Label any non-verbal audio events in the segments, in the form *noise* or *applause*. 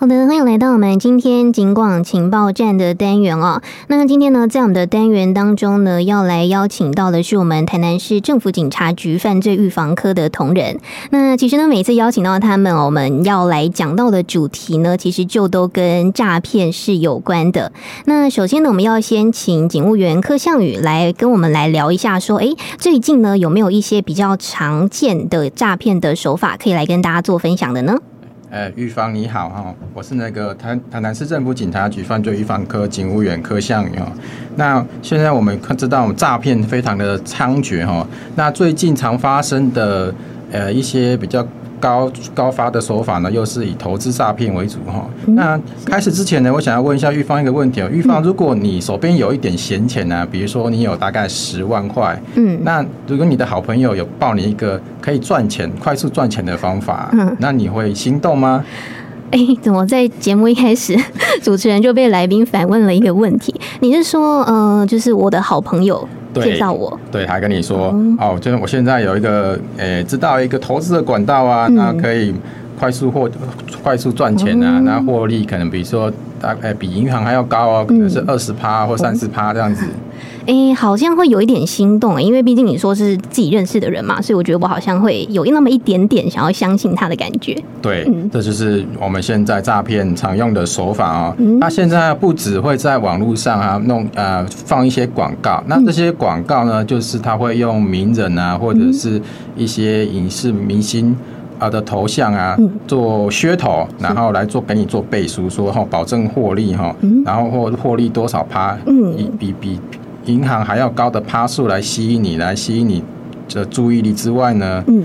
好的，歡迎來到我們今天警廣情報站的單元哦。那今天呢，在我們的單元當中呢，要來邀請到的是我們台南市政府警察局犯罪預防科的同仁。那其實呢，每次邀請到他們，我們要來講到的主題呢，其實就都跟詐騙是有關的。那首先呢，我們要先請警務員柯相宇來跟我們來聊一下，說，誒，最近呢有沒有一些比較常見的詐騙的手法可以來跟大家做分享的呢？呃，玉芳你好哈、哦，我是那個台台南市政府警察局犯罪預防科警務員柯相宇哈。那現在我們知道們詐騙非常的猖獗哈、哦，那最近常發生的呃一些比較高高發的手法呢，又是以投資詐騙為主哈、嗯。那開始之前呢，我想要問一下玉芳一個問題哦，玉芳，如果你手邊有一點閒錢呢、啊嗯，比如說你有大概十萬塊，嗯，那如果你的好朋友有報你一個可以賺錢、錢、快速賺錢的方法，嗯，那你會心動嗎？哎、欸，怎麼在節目一開始，主持人就被來賓反問了一個問題？你是說，呃，就是我的好朋友？介紹我，對，他還跟你說，嗯、哦，就是我現在有一個，誒，知道一個投資的管道啊，嗯、那可以。快速獲快速賺錢啊，oh. 那獲利可能比如說大概比銀行還要高哦，嗯、可能是二十趴或三十趴這樣子。誒、oh. 欸，好像會有一點心動啊、欸，因為畢竟你說是自己認識的人嘛，所以我覺得我好像會有那麼一點點想要相信他的感覺。對，嗯、這就是我們現在詐騙常用的手法哦、嗯。那現在不只會在網絡上啊弄呃放一些廣告，那這些廣告呢、嗯，就是他會用名人啊、嗯、或者是一些影視明星，啊的頭像啊，做噱頭，然後來做給你做背書，說哈保證獲利哈，然後或獲利多少趴，比比比銀行還要高的趴數來吸引你，來吸引你的注意力之外呢，嗯，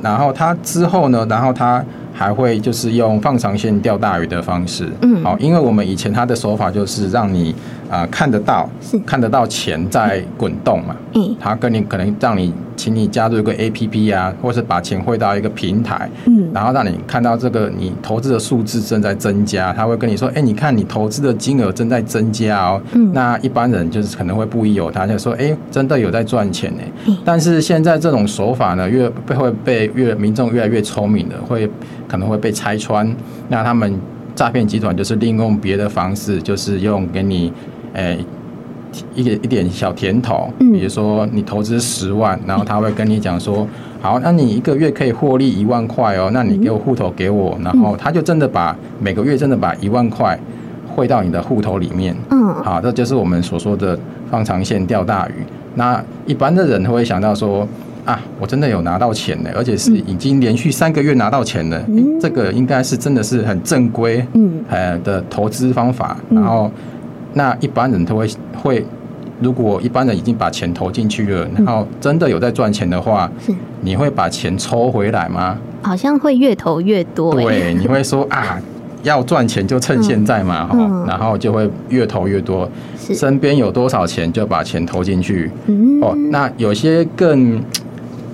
然後他之後呢，然後他還會就是用放長線釣大魚的方式，嗯，好，因為我們以前他的手法就是讓你。啊、呃，看得到，看得到錢在滾動嘛？嗯，他跟你可能讓你，請你加入一個 APP 啊，或是把錢匯到一個平台，嗯，然後讓你看到這個你投資的數字正在增加，他會跟你說，哎、欸，你看你投資的金額正在增加哦。嗯，那一般人就是可能會不疑有他，就說，哎、欸，真的有在賺錢呢、嗯。但是現在這種手法呢，越被會被越民眾越來越聰明的，會可能會被拆穿。那他們詐騙集團就是利用別的方式，就是用給你。誒、欸，一點一點小甜頭，比如說你投資十萬，然後他會跟你講說，好，那你一個月可以獲利一萬塊哦，那你給我戶頭給我，然後他就真的把每個月真的把一萬塊匯到你的戶頭裡面。嗯，好，這就是我們所說的放長線釣大魚。那一般的人他會想到說，啊，我真的有拿到錢呢，而且是已經連續三個月拿到錢了。嗯、欸，這個應該是真的是很正規，嗯，的投資方法，然後。那一般人都會會，如果一般人已經把錢投進去了，嗯、然後真的有在賺錢的話是，你會把錢抽回來嗎？好像會越投越多、欸。對，你會說 *laughs* 啊，要賺錢就趁現在嘛，哈、嗯喔，然後就會越投越多。嗯、身邊有多少錢就把錢投進去。哦、喔，那有些更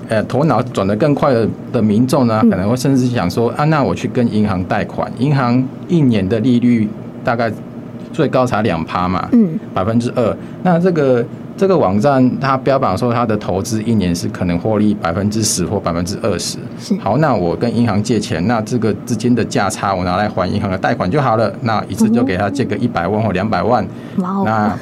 呃、欸、頭腦轉得更快的的民眾呢，可能會甚至想說、嗯、啊，那我去跟銀行貸款，銀行一年的利率大概。最高才兩趴嘛，嗯，百分之二。那這個這個網站，它標榜說，它的投資一年是可能獲利百分之十或百分之二十。好，那我跟銀行借錢，那這個資金的價差我拿來還銀行的貸款就好了。那一次就給他借個一百萬或兩百萬，嗯、那。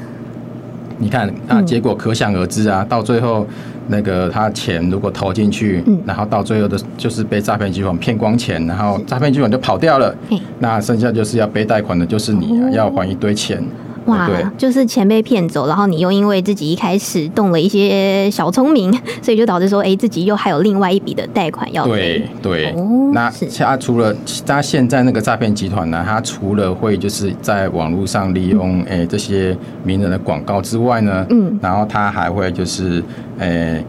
你看，啊，結果可想而知啊！嗯、到最後，那個他錢如果投進去，嗯，然後到最後的，就是被詐騙集團騙光錢，然後詐騙集團就跑掉了。那剩下就是要背貸款的，就是你啊，哦，要還一堆錢。哇，就是錢被騙走，然後你又因為自己一開始動了一些小聰明，所以就導致說，哎、欸，自己又還有另外一筆的貸款要還。對對，oh, 那他除了他現在那個詐騙集團呢，他除了會就是在網絡上利用哎、嗯欸、這些名人的廣告之外呢，嗯，然後他還會就是、欸、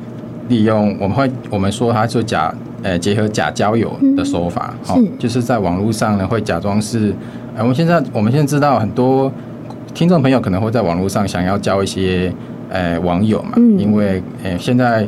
利用我們會我們說他做假，哎、欸、結合假交友的手法、嗯喔，就是在網絡上呢會假裝是、欸、我們現在我們現在知道很多。聽眾朋友可能會在網絡上想要交一些呃網友嘛，嗯、因為呃現在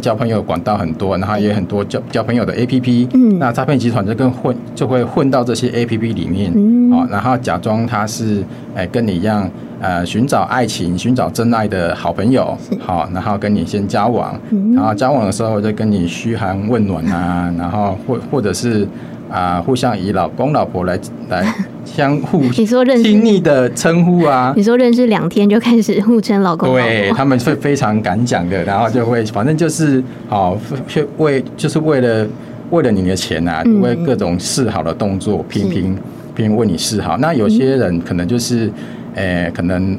交、呃、朋友管道很多，然後也很多交、嗯、交朋友的 A P P，、嗯、那詐騙集團就更混就會混到這些 A P P 裡面、嗯，然後假裝他是、呃、跟你一樣呃尋找愛情、尋找真愛的好朋友，好，然後跟你先交往、嗯，然後交往的時候就跟你噓寒問暖啊， *laughs* 然後或或者是。啊，互相以老公、老婆來來相互，你說親密的稱呼啊？你說認識兩天就開始互稱老公老婆？對，他們會非常敢講的，然後就會，反正就是，哦，為，就是為了為了你的錢吶、啊，為各種示好的動作，頻頻頻頻為你示好。那有些人可能就是，誒、嗯欸，可能。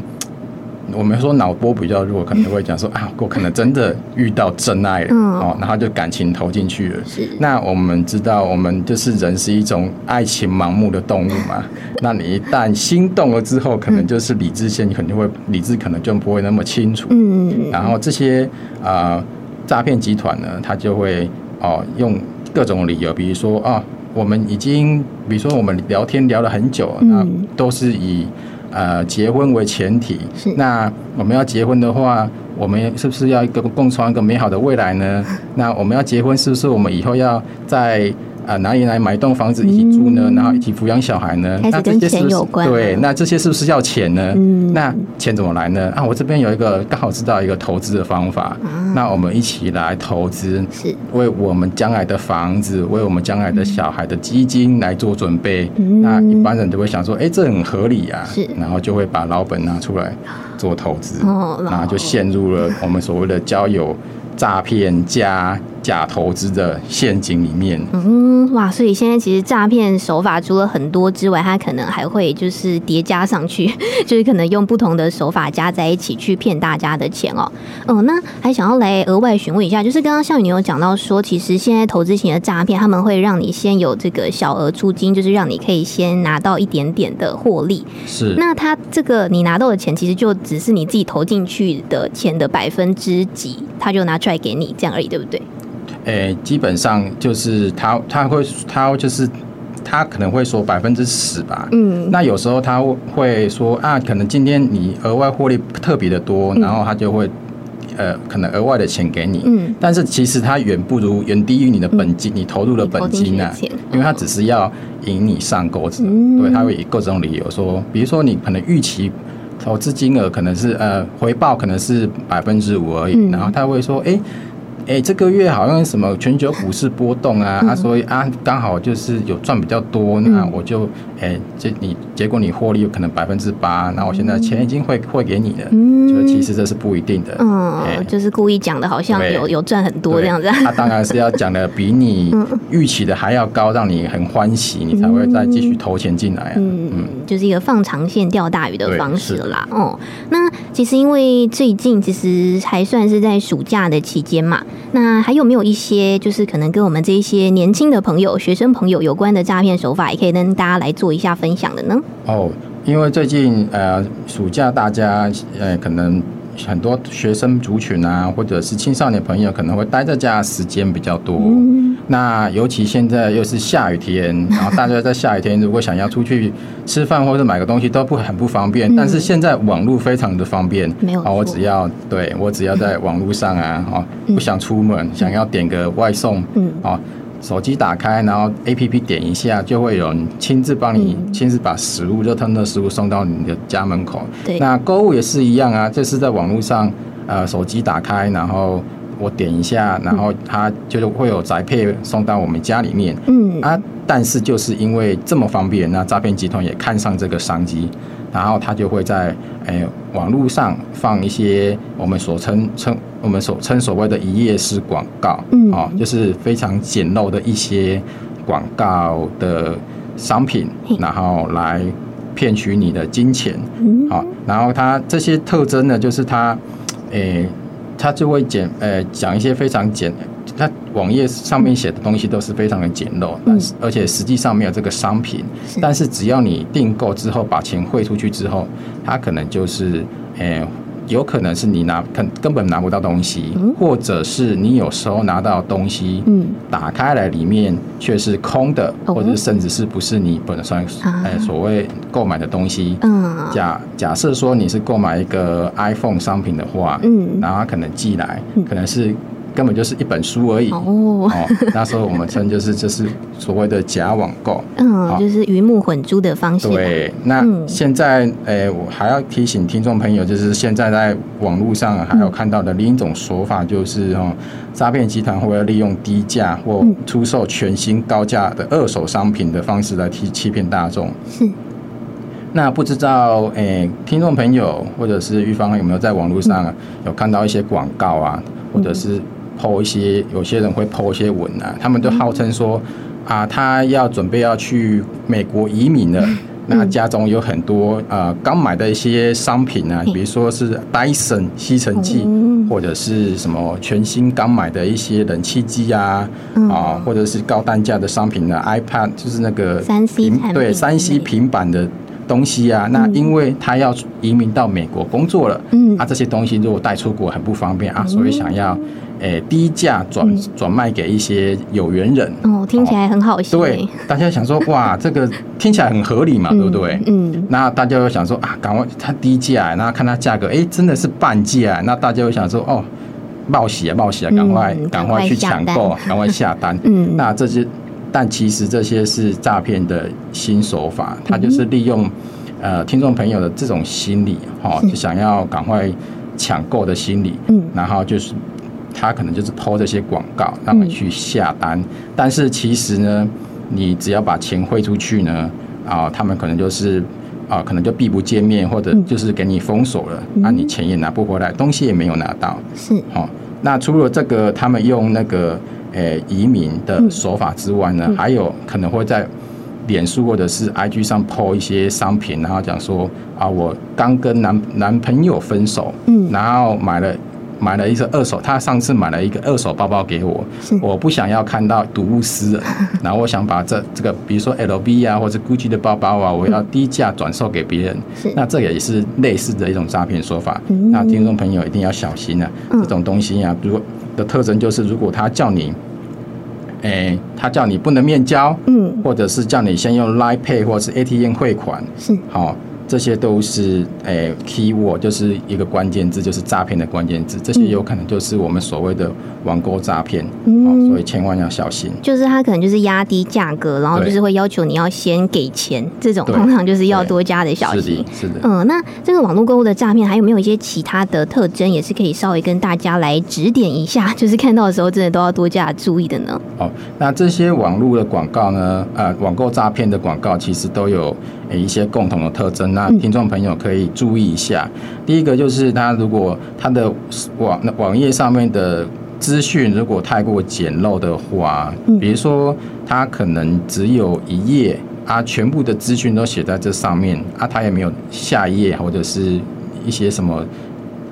我們說腦波比較弱，可能會講說啊，我可能真的遇到真愛了哦，然後就感情投進去了。是，那我們知道，我們就是人是一種愛情盲目的動物嘛。 *laughs* 那你一旦心動了之後，可能就是理智線，你肯定會理智，可能就不會那麼清楚。嗯嗯嗯。然後這些啊、呃、詐騙集團呢，他就會哦、呃、用各種理由，比如說啊、哦，我們已經，比如說我們聊天聊了很久，那、嗯、都是以。呃，結婚為前提。那我們要結婚的話，我們是不是要一個共創一個美好的未來呢？那我們要結婚，是不是我們以後要在？啊，哪裡來買棟房子一起住呢？嗯、然後一起撫養小孩呢？那這些是不是有關。對，那這些是不是要錢呢？嗯、那錢怎麼來呢？啊，我這邊有一個剛好知道一個投資的方法、啊。那我們一起來投資，為我們將來的房子，為我們將來的小孩的基金來做準備。嗯、那一般人都會想說：“哎、欸，這很合理啊。”是。然後就會把老本拿出來做投資、哦。然後就陷入了我們所謂的交友詐騙加。 *laughs* 假投資的陷阱裡面，嗯，哇，所以現在其實詐騙手法除了很多之外，它可能還會就是疊加上去，就是可能用不同的手法加在一起去騙大家的錢哦。哦，那還想要來額外詢問一下，就是剛剛相宇你有講到說，其實現在投資型的詐騙，他們會讓你先有這個小額出金，就是讓你可以先拿到一點點的獲利。是，那他這個你拿到的錢，其實就只是你自己投進去的錢的百分之幾，他就拿出來給你，這樣而已，對不對？誒、欸，基本上就是他他會他就是他可能會說百分之十吧。嗯。那有時候他會說啊，可能今天你額外獲利特別的多、嗯，然後他就會呃，可能額外的錢給你。嗯。但是其實他遠不如遠低於你的本金、嗯，你投入的本金啊，因為他只是要引你上鈎子、嗯。對，他會以各種理由說，比如說你可能預期投資金額可能是呃回報可能是百分之五而已、嗯，然後他會說誒。欸哎、欸，這個月好像什麼全球股市波動啊，嗯、啊所以啊剛好就是有賺比較多，那我就哎，這、嗯欸、你。結果你獲利有可能百分之八，那我現在錢已經匯匯給你的，嗯，就其實這是不一定的。嗯，欸、就是故意講的好像有有賺很多這樣子。他、啊、當然是要講的比你預期的還要高、嗯，讓你很歡喜，你才會再繼續投錢進來、啊、嗯,嗯，就是一個放長線釣大魚的方式了啦。哦，那其實因為最近其實還算是在暑假的期間嘛，那還有沒有一些就是可能跟我們這一些年輕的朋友、學生朋友有關的詐騙手法，也可以跟大家來做一下分享的呢？哦，因為最近呃，暑假大家呃，可能很多學生族群啊，或者是青少年朋友，可能會待在家的時間比較多，嗯。那尤其現在又是下雨天，然後大家在下雨天，如果想要出去吃飯或者買個東西，都不很不方便，嗯。但是現在網絡非常的方便。沒、嗯、有。啊、哦，我只要對，我只要在網絡上啊、嗯，哦，不想出門，想要點個外送。嗯。啊、哦。手機打開，然後 APP 點一下，就會有人親自幫你，親、嗯、自把食物熱騰騰的食物送到你的家門口。對，那購物也是一樣啊，這、就是在網絡上，呃，手機打開，然後我點一下，然後它就會有宅配送到我們家裡面。嗯啊，但是就是因為這麼方便，那詐騙集團也看上這個商機。然後他就會在誒、呃、網絡上放一些我們所稱稱我們所稱所謂的一頁式廣告，啊、嗯哦，就是非常簡陋的一些廣告的商品，然後來騙取你的金錢，啊、嗯哦，然後它這些特徵呢，就是它，誒、呃，它就會簡誒、呃、講一些非常簡。它網頁上面寫的東西都是非常的簡陋，但、嗯、是而且實際上沒有這個商品。嗯、但是只要你訂購之後把錢匯出去之後，它可能就是，誒、欸，有可能是你拿根根本拿不到東西、嗯，或者是你有時候拿到東西、嗯，打開來裡面卻是空的、嗯，或者甚至是不是你本身，誒、啊欸、所謂購買的東西。嗯，假假設說你是購買一個 iPhone 商品的話，嗯，然後它可能寄來、嗯、可能是。根本就是一本書而已 oh, oh. *laughs* 哦。那時候我們稱就是就是所謂的假網購， *laughs* 嗯，就是魚目混珠的方式、啊。對，那現在誒，嗯欸、我還要提醒聽眾朋友，就是現在在網絡上還有看到的另一種說法，就是哦，詐騙集團會,會要利用低價或出售全新高價的二手商品的方式來欺欺騙大眾。那不知道誒、欸，聽眾朋友或者是玉芳有沒有在網絡上有看到一些廣告啊、嗯，或者是？PO 一些，有些人會 PO 一些文啊，他們都號稱說、嗯、啊，他要準備要去美國移民了，嗯、那家中有很多啊、呃、剛買的一些商品啊，嗯、比如說是戴森吸塵器、嗯、或者是什麼全新剛買的一些冷氣機啊、嗯、啊，或者是高單價的商品呢、啊，iPad 就是那個三 C 對三 C 平板的東西啊、嗯，那因為他要移民到美國工作了，那、嗯啊、這些東西如果帶出國很不方便、嗯、啊，所以想要。哎，低價轉轉賣給一些有緣人哦，聽起來很好笑。對，大家想說哇，這個聽起來很合理嘛， *laughs* 對不對嗯？嗯。那大家又想說啊，趕快它低價，然後看它價格，哎，真的是半價，那大家又想說哦，報喜啊，報喜啊，趕快、嗯、趕快去搶購，趕快下單。 *laughs* 嗯。那這些，但其實這些是詐騙的新手法，它就是利用、嗯、呃聽眾朋友的這種心理，哈、哦，就想要趕快搶購的心理，嗯，然後就是。他可能就是 PO 這些廣告讓你去下單、嗯，但是其實呢，你只要把錢匯出去呢，啊，他們可能就是啊，可能就避不見面，或者就是給你封鎖了，那、嗯啊、你錢也拿不回來，東西也沒有拿到。是，好、哦，那除了這個，他們用那個誒、欸、移民的手法之外呢，嗯、還有可能會在臉書或者是 IG 上 PO 一些商品，然後講說啊，我剛跟男男朋友分手，嗯、然後買了。買了一個二手，他上次買了一個二手包包給我，我不想要看到睹物思人，然後我想把這這個，比如說 LV 啊，或者 Gucci 的包包啊，我要低價轉售給別人，嗯，那這也是類似的一種詐騙說法。那聽眾朋友一定要小心啊，嗯、這種東西啊，如果的特徵就是，如果他叫你，哎、欸，他叫你不能面交，嗯，或者是叫你先用 Line Pay 或是 ATM 匯款，是好。哦這些都是、欸、keyword 就是一個關鍵字，就是詐騙的關鍵字。這些有可能就是我們所謂的網購詐騙，所以千萬要小心。就是它可能就是壓低價格，然後就是會要求你要先給錢，這種通常就是要多加的小心。是的，是的。嗯、呃，那這個網絡購物的詐騙還有沒有一些其他的特徵，也是可以稍微跟大家來指點一下？就是看到的時候真的都要多加注意的呢。好、哦，那這些網絡的廣告呢，呃，網購詐騙的廣告其實都有。誒，一些共同的特徵、啊，那聽眾朋友可以注意一下。嗯、第一個就是，它如果它的網網頁上面的資訊如果太過簡陋的話，嗯、比如說它可能只有一頁，啊，全部的資訊都寫在這上面，啊，它也沒有下一頁或者是一些什麼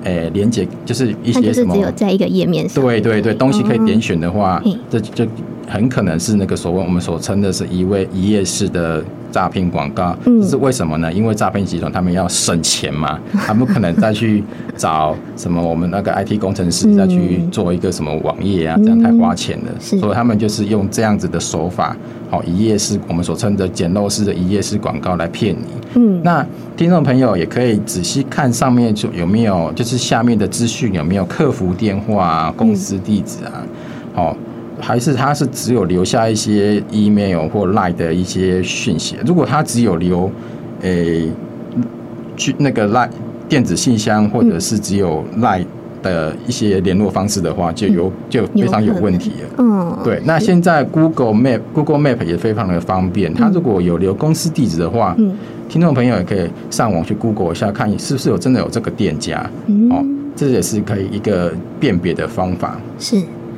誒，鏈接，就是一些什麼，它就是只有在一個頁面，對對對，對，東西可以點選的話，嗯、這這。很可能是那個所謂我們所稱的是一位一頁式的詐騙廣告，嗯，這是為什麼呢？因為詐騙集團他們要省錢嘛，他們不可能再去找什麼我們那個 IT 工程師再去做一個什麼網頁啊，這樣太花錢了，所以他們就是用這樣子的手法，好，一頁式我們所稱的簡陋式的一頁式廣告來騙你。嗯，那聽眾朋友也可以仔細看上面就有沒有，就是下面的資訊有沒有客服電話啊、公司地址啊，好。還是他是只有留下一些 email 或 line 的一些訊息。如果他只有留，誒，去那個 line 電子信箱，或者是只有 line 的一些聯絡方式的話，就有就非常有問題了。嗯了。嗯，對。那現在 Google Map Google Map 也非常的方便。他如果有留公司地址的話，嗯，聽眾朋友也可以上網去 Google 一下，看你是不是有真的有這個店家。嗯，哦，這也是可以一個辨別的方法。是。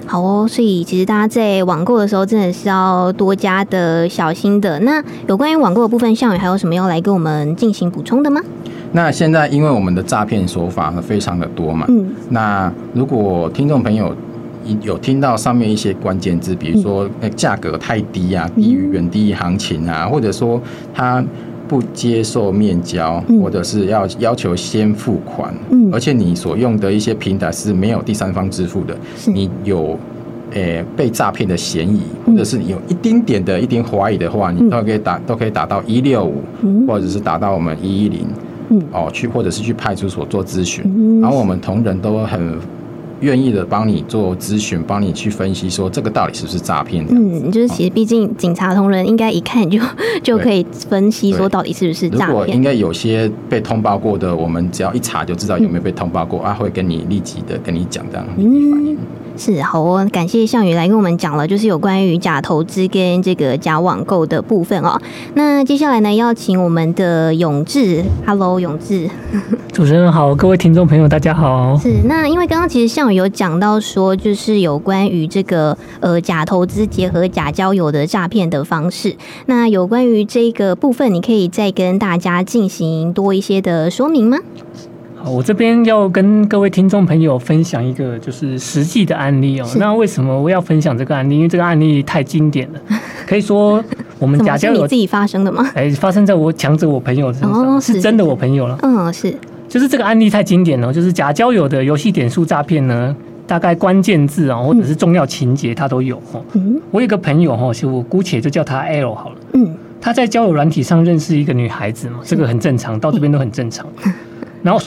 好哦，所以其實大家在網購的時候，真的是要多加的小心的。那有關於網購的部分，相宇還有什麼要來給我們進行補充的嗎？那現在因為我們的詐騙手法非常的多嘛，嗯，那如果聽眾朋友有聽到上面一些關鍵字，比如說價格太低呀、啊，低於遠低於行情啊、嗯，或者說它。不接受面交，或者是要要求先付款，而且你所用的一些平台是沒有第三方支付的，你有誒、欸、被詐騙的嫌疑，或者是有一丁點的一點懷疑的話，你都可以打都可以打到一六五，或者是打到我們一一零，哦去或者是去派出所做諮詢，然後我們同仁都很。願意的幫你做諮詢，幫你去分析，說這個到底是不是詐騙？嗯，就是其實畢竟警察同仁應該一看就、嗯、就可以分析說到底是不是詐騙。如果應該有些被通報過的，我們只要一查就知道有沒有被通報過他、嗯啊、會跟你立即的跟你講這樣。是，好，哦，感謝相宇來跟我們講了，就是有關於假投資跟這個假網購的部分哦。那接下來呢，要請我們的勇志，Hello，勇志，主持人好，各位聽眾朋友大家好。是，那因為剛剛其實相宇有講到說，就是有關於這個呃假投資結合假交友的詐騙的方式。那有關於這個部分，你可以再跟大家進行多一些的說明嗎？我這邊要跟各位聽眾朋友分享一個就是實際的案例哦、喔。那為什麼我要分享這個案例？因為這個案例太經典了，可以說我們假交友。是你自己發生的嗎？哎、欸，發生在我強者我朋友身上、哦是是是，是真的我朋友了。嗯，是。就是這個案例太經典了，就是假交友的遊戲點數詐騙呢，大概關鍵字啊或者是重要情節它都有哦。嗯。我有一個朋友哈，我姑且就叫他 L 好了。嗯。他在交友軟體上認識一個女孩子嘛，這個很正常，嗯、到這邊都很正常。嗯、然後。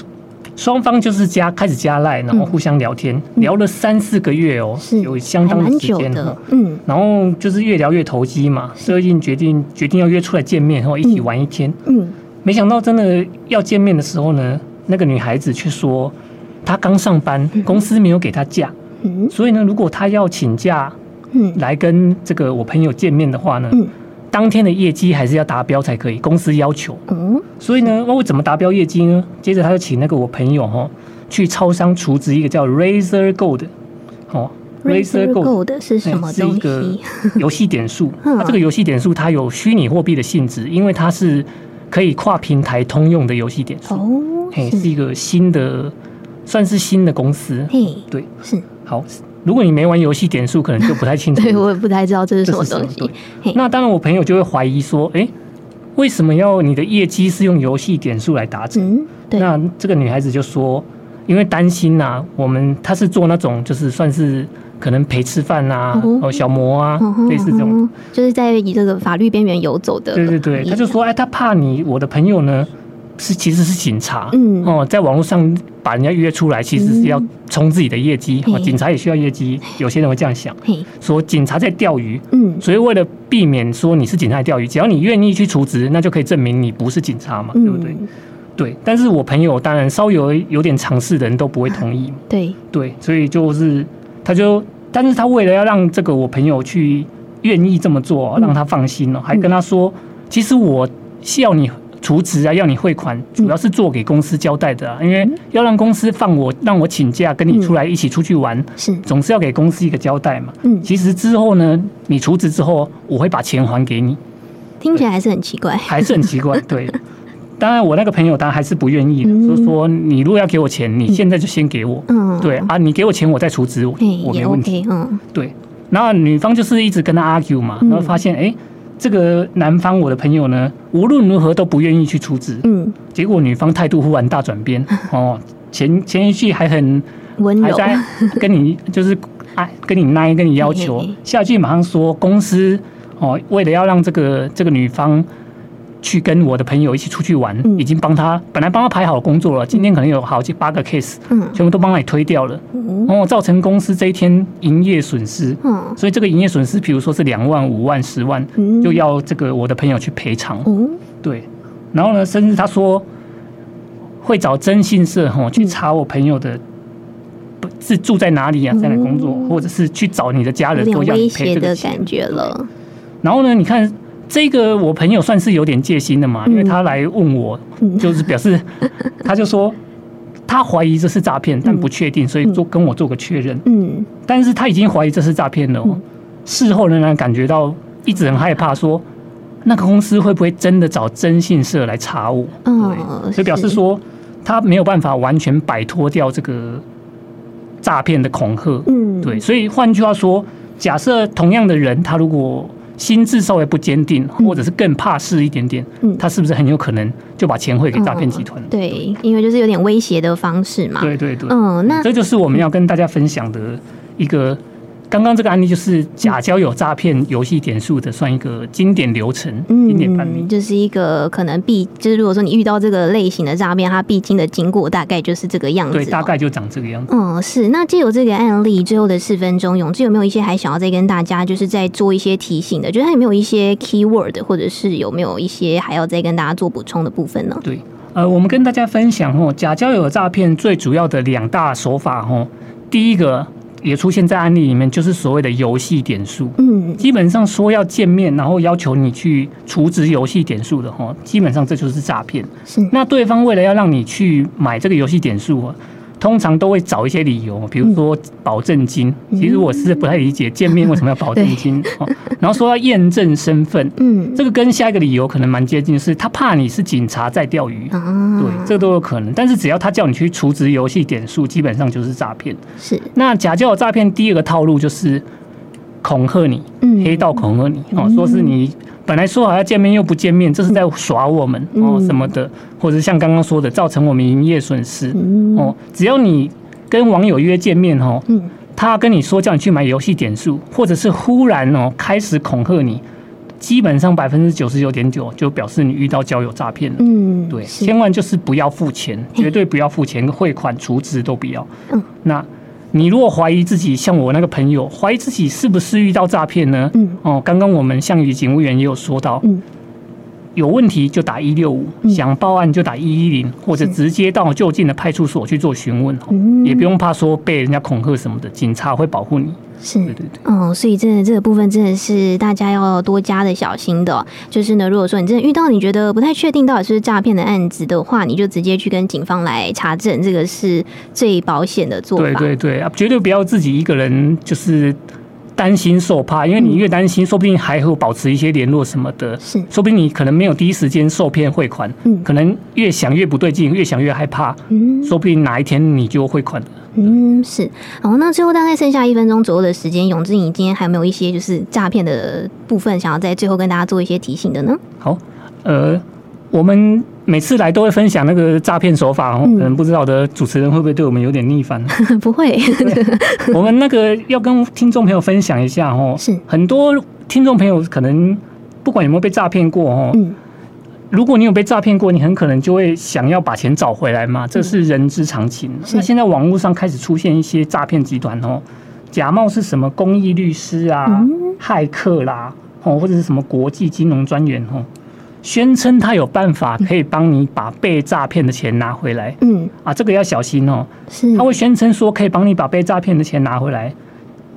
雙方就是加開始加賴，然後互相聊天，嗯、聊了三四個月哦、喔，有相當的時間、喔、嗯，然後就是越聊越投機嘛，所以決定決定要約出來見面、喔，然後一起玩一天嗯，嗯，沒想到真的要見面的時候呢，那個女孩子卻說她剛上班、嗯，公司沒有給她假、嗯嗯，所以呢，如果她要請假、嗯，來跟這個我朋友見面的話呢，嗯當天的業績還是要達標才可以，公司要求。嗯，所以呢，我、哦、怎麼達標業績呢？接着他就請那個我朋友哈、哦、去超商儲值一個叫 Razer Gold，哦，Razer Gold、欸、是什麼？是一個遊戲點數、 *laughs* 啊。這個遊戲點數它有虛擬貨幣的性質，因為它是可以跨平台通用的遊戲點數。哦，嘿、欸，是一個新的，算是新的公司。嘿，對，是好。如果你沒玩遊戲點數，可能就不太清楚。 *laughs* 對，我也不太知道這是什麼東西。那當然，我朋友就會懷疑說：“哎、欸，為什麼要你的業績是用遊戲點數來達成、嗯？”那這個女孩子就說：“因為擔心吶、啊，我們她是做那種就是算是可能陪吃飯吶、啊哦，哦，小模啊、哦哦，類似這種，就是在以這個法律邊緣遊走的。”對對對，她就說：“哎、欸，她怕你我的朋友呢。”是，其實是警察。嗯。哦、嗯，在網絡上把人家約出來，其實是要衝自己的業績、嗯。警察也需要業績，有些人會這樣想，嘿說警察在釣魚。嗯。所以為了避免說你是警察在釣魚、嗯，只要你願意去出資，那就可以證明你不是警察嘛、嗯，對不對？對。但是我朋友當然稍微有點常識的人都不會同意、啊。對。對。所以就是他就，但是他為了要讓這個我朋友去願意這麼做，讓他放心了、嗯，還跟他說、嗯，其實我需要你。儲值啊，要你匯款，主要是做給公司交代的、啊嗯，因為要讓公司放我讓我請假，跟你出來、嗯、一起出去玩，是總是要給公司一個交代嘛。嗯，其實之後呢，你儲值之後，我會把錢還給你。聽起來還是很奇怪，還是很奇怪。對， *laughs* 當然我那個朋友他還是不願意的、嗯，就是、說你如果要給我錢，你現在就先給我。嗯，對啊，你給我錢，我再儲值、欸，我沒問題。OK，嗯，對。然後女方就是一直跟他 argue 嘛，然後發現哎。嗯欸這個男方我的朋友呢，無論如何都不願意去出資、嗯。結果女方態度忽然大轉變，哦，前前一句還很溫柔還在跟你就是、啊、跟你奈跟你要求嘿嘿嘿，下一句馬上說公司哦，為了要讓這個這個女方。去跟我的朋友一起出去玩，嗯、已經幫他本來幫他排好工作了，今天可能有好幾八個 case，嗯、全部都幫他推掉了，然後、嗯哦、造成公司這一天營業損失、嗯，所以這個營業損失，比如說是兩萬、五萬、十萬、嗯，就要這個我的朋友去賠償，嗯、對，然後呢，甚至他說會找徵信社、哦、去查我朋友的、嗯、是住在哪裡啊，在哪裡工作，嗯、或者是去找你的家人，都要賠償的感覺了，然後呢，你看。這個我朋友算是有點戒心的嘛，因為他來問我，就是表示，他就說他懷疑這是詐騙，但不確定，所以就跟我做個確認。嗯，但是他已經懷疑這是詐騙了，事後仍然感覺到一直很害怕，說那個公司會不會真的找徵信社來查我？嗯，所以表示說他沒有辦法完全擺脫掉這個詐騙的恐嚇。嗯，對，所以換句話說，假設同樣的人，他如果。心智稍微不堅定，或者是更怕事一點點，嗯，他是不是很有可能就把錢匯給詐騙集團？嗯，對，因為就是有點威脅的方式嘛。對對對，嗯，嗯，那這就是我們要跟大家分享的一個。剛剛這個案例就是假交友詐騙遊戲點數的，算一個經典流程，嗯、經典範例，就是一個可能必就是如果說你遇到這個類型的詐騙，它必經的經過大概就是這個樣子，對，大概就長這個樣子。嗯、哦，是。那借由這個案例，最後的四分鐘，勇志有沒有一些還想要再跟大家，就是再做一些提醒的？就是還有沒有一些 keyword，或者是有沒有一些還要再跟大家做補充的部分呢？對，呃，我們跟大家分享哦，假交友詐騙最主要的兩大手法哦，第一個。也出現在案例裡面，就是所謂的遊戲點數。嗯，基本上說要見面，然後要求你去儲值遊戲點數的齁，基本上這就是詐騙。是，那對方為了要讓你去買這個遊戲點數啊通常都會找一些理由，比如說保證金、嗯。其實我是不太理解見面為什麼要保證金？嗯 *laughs* 喔、然後說要驗證身份，嗯，這個跟下一個理由可能蠻接近，是他怕你是警察在釣魚。啊、嗯。對，這個都有可能。但是只要他叫你去儲值遊戲點數，基本上就是詐騙。是。那假交友詐騙第二個套路就是。恐嚇你，黑道恐嚇你哦，說是你本來說好要見面又不見面，這是在耍我們哦什麼的，或者像剛剛說的造成我們營業損失哦。只要你跟網友約見面哦，他跟你說叫你去買遊戲點數，或者是忽然哦開始恐嚇你，基本上百分之九十九點九就表示你遇到交友詐騙了。嗯，對，千萬就是不要付錢，絕對不要付錢匯款、儲值都不要。嗯、哦，那。你如果懷疑自己像我那個朋友，懷疑自己是不是遇到詐騙呢？嗯，哦，剛剛我們相宇警務員也有說到，嗯，有問題就打一六五，想報案就打一一零，或者直接到就近的派出所去做詢問，哦，也不用怕說被人家恐嚇什麼的，警察會保護你。是，哦，所以真的這個部分真的是大家要多加的小心的。就是呢，如果說你真的遇到你覺得不太確定到底是詐騙的案子的話，你就直接去跟警方來查證，這個是最保險的做法。對對對，絕對不要自己一個人就是。擔心受怕，因為你越擔心，嗯，說不定還會保持一些聯絡什麼的。是，說不定你可能沒有第一時間受騙匯款。嗯，可能越想越不對勁，越想越害怕。嗯，說不定哪一天你就匯款了。嗯，是。好，那最後大概剩下一分鐘左右的時間，勇志你今天還有沒有一些就是詐騙的部分，想要在最後跟大家做一些提醒的呢？好，呃，我們。每次來都會分享那個詐騙手法哦、嗯，可能不知道的主持人會不會對我們有點逆反？不會，對，我們那個要跟聽眾朋友分享一下哦。是很多聽眾朋友可能不管有沒有被詐騙過哦、嗯。如果你有被詐騙過，你很可能就會想要把錢找回來嘛，嗯、這是人之常情。那現在網絡上開始出現一些詐騙集團哦，假冒是什麼公益律師啊、駭、嗯、客啦，哦或者是什麼國際金融專員哦。宣稱他有辦法可以幫你把被詐騙的錢拿回來，嗯，啊，這個要小心哦，是，他會宣稱說可以幫你把被詐騙的錢拿回來，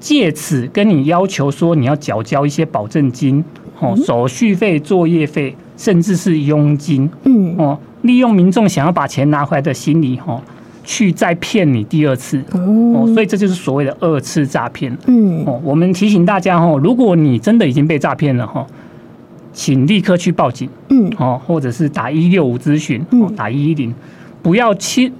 借此跟你要求說你要繳交一些保證金、哦手續費、作業費，甚至是佣金，嗯，哦，利用民眾想要把錢拿回來的心理，哈，去再騙你第二次，哦，所以這就是所謂的二次詐騙，嗯，哦，我們提醒大家，哈，如果你真的已經被詐騙了，哈。請立刻去報警，嗯，哦，或者是打一六五諮詢，嗯，打一一零，不要去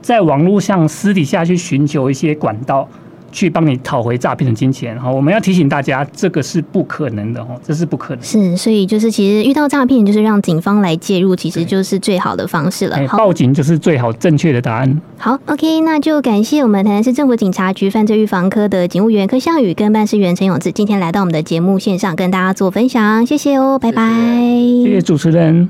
在網絡上私底下去尋求一些管道，去幫你討回詐騙的金錢，好，我們要提醒大家，這個是不可能的哦，這是不可能的。是，所以就是其實遇到詐騙，就是讓警方來介入，其實就是最好的方式了。欸、報警就是最好正確的答案。好，OK，那就感謝我們台南市政府警察局犯罪預防科的警務員柯相宇跟辦事員陳勇志，今天來到我們的節目線上跟大家做分享，謝謝哦，謝謝拜拜，謝謝主持人。